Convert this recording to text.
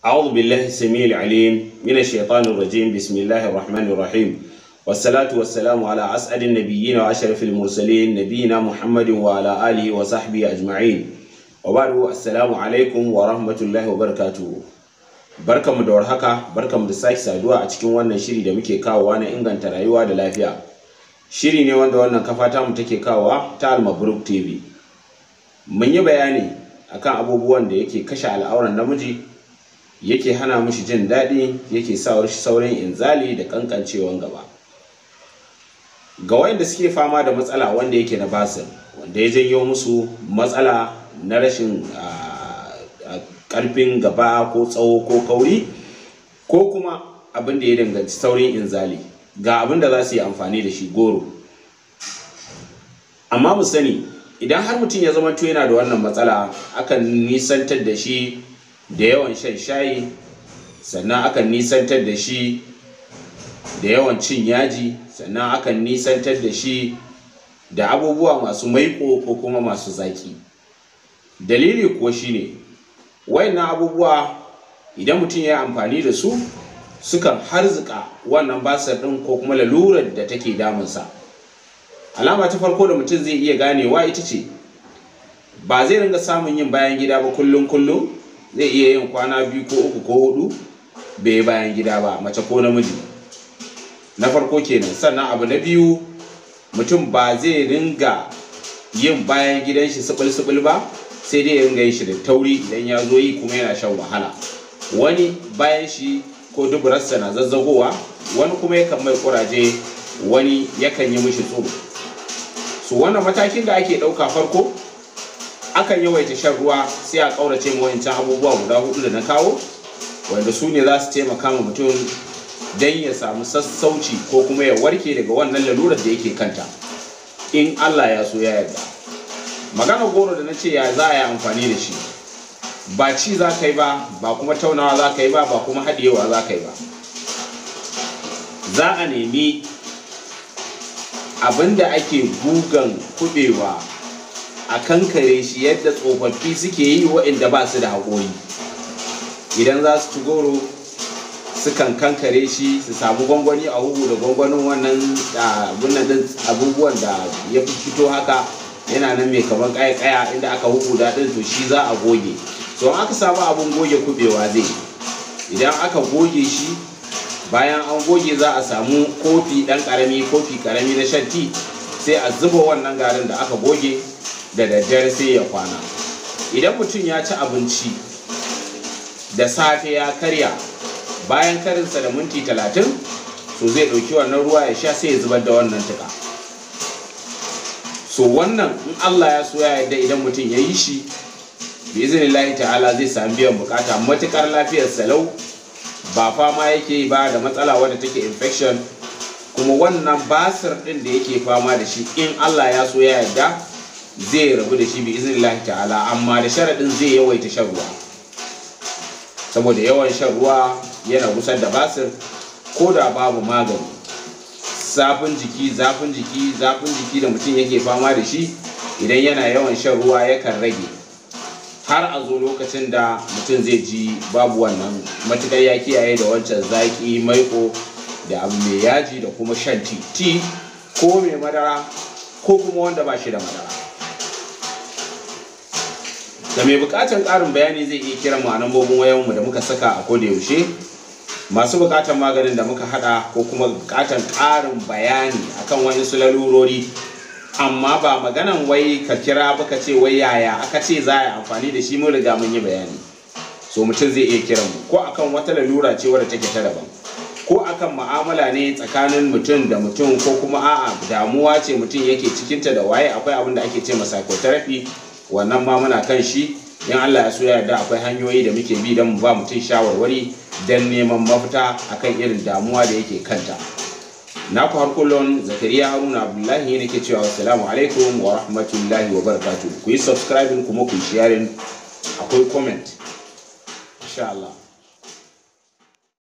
أعوذ بالله السميع العليم من الشيطان الرجيم بسم الله الرحمن الرحيم والصلاة والسلام على أسعد النبيين وأشرف المرسلين نبينا محمد وعلى آله وصحبه أجمعين وبعد السلام عليكم ورحمة الله وبركاته barka mu da warhaka barka mu da sake saduwa a cikin wannan shiri da muke kawowa na inganta rayuwa da lafiya shiri ne wanda wannan kafa ta mu take kawowa ta almabruk tv mun yi bayani akan abubuwan da yake kashe al'auran namiji yake hana mushi jin daɗi yake sawar shi saurin inzali da kankancewan gaba ga wayanda suke fama da matsala wanda yake na basir wanda ya janyo musu matsala na rashin karfin gaba ko tsawo ko kauri ko kuma abin da ya danganci saurin inzali ga abin da za su yi amfani da shi goro amma mu sani idan har mutum ya zama yana da wannan matsala akan nisantar da shi da yawan shan shayi sannan akan nisantar da shi da yawan cin yaji sannan akan nisantar da shi da abubuwa masu maiƙo ko kuma masu zaƙi dalili kuwa shine wayannan abubuwa idan mutum ya yi amfani da su sukan harzuka wannan basar ɗin ko kuma lalurar da take damunsa alama ta farko da mutum zai iya ganewa ita ce ba zai ringa samun yin bayan gida ba kullum kullum zai iya yin kwana biyu ko uku ko hudu bai yi bayan gida ba mace ko namiji na farko kenan sannan abu na biyu mutum ba zai ringa yin bayan gidan shi sibil-sibil ba sai dai ya ringa yin shi da tauri idan ya zo yi kuma yana shan wahala wani bayan shi ko duburarsa na zazzagowa wani kuma yakan mai kuraje wani yakan yi mishi tsoro su wannan matakin da ake ɗauka farko akan yawaita shan ruwa sai a ƙaurace mu wancan abubuwa guda hudu da na kawo wanda su ne za su taimaka ma mutum don ya samu sassauci ko kuma ya warke daga wannan lalurar da yake kanta in Allah ya so ya yarda magana goro da na ce ya za a yi amfani da shi ba ci za ka yi ba ba kuma taunawa za ka yi ba ba kuma haɗewa za ka yi ba za a nemi abin da ake gugan kuɓewa. a kankare shi yadda tsofaffi suke yi waɗanda ba su da haƙori idan za su ci goro sukan kankare shi su samu gwangwani a hugu da gwangwanin wannan abubuwan da ya fi fito haka yana nan mai kamar kaya-kaya inda aka hugu daɗin to shi za a goge so aka samu abin goge kubewa zai idan aka goge shi bayan an goge za a samu kofi ɗan ƙarami kofi ƙarami na shan sai a zuba wannan garin da aka goge da daddare sai ya kwana idan mutum ya ci abinci da safe ya karya bayan karinsa da minti talatin so zai ɗauki wannan ruwa ya sha sai ya zubar da wannan tuka so wannan in allah ya so ya yadda idan mutum ya yi shi bi izinillahi ta'ala zai sami biyan bukata matukar lafiyar salau ba fama yake yi ba da matsala wadda take infection kuma wannan basir din da yake fama da shi in allah ya so ya yarda zai rabu da shi bi iznillahi ala, amma da sharaɗin zai yawaita shan ruwa saboda yawan shan ruwa yana gusar da basir ko da babu magani zafin jiki zafin jiki zafin jiki da mutum yake fama da shi idan yana yawan shan ruwa yakan rage har a zo lokacin da mutum zai ji babu wannan matukar ya kiyaye da wancan zaki maiko da abu mai yaji da kuma shan ti ko mai madara ko kuma wanda ba shi da madara da mai bukatan karin bayani zai iya kiran mu a lambobin wayanmu da muka saka a yaushe masu bukatan maganin da muka hada ko kuma bukatan ƙarin bayani akan wani su lalurori amma ba maganan wai ka kira ba ka ce wai yaya aka ce za a yi amfani da shi mun riga mun yi bayani so mutum zai iya kiran mu ko akan wata lalura ce wadda take ta daban ko akan ma'amala ne tsakanin mutum da mutum ko kuma a'a damuwa ce mutum yake cikinta da waye akwai abin da ake ce ma psychotherapy wannan ma muna kan shi in Allah ya so ya yarda akwai hanyoyi da muke bi don mu ba mutum shawarwari don neman mafita akan irin damuwa da yake kanta na ku har kullum zakariya haruna abdullahi ne ke cewa assalamu alaikum wa rahmatullahi wa barakatuh ku yi kuma ku yi akwai comment insha Allah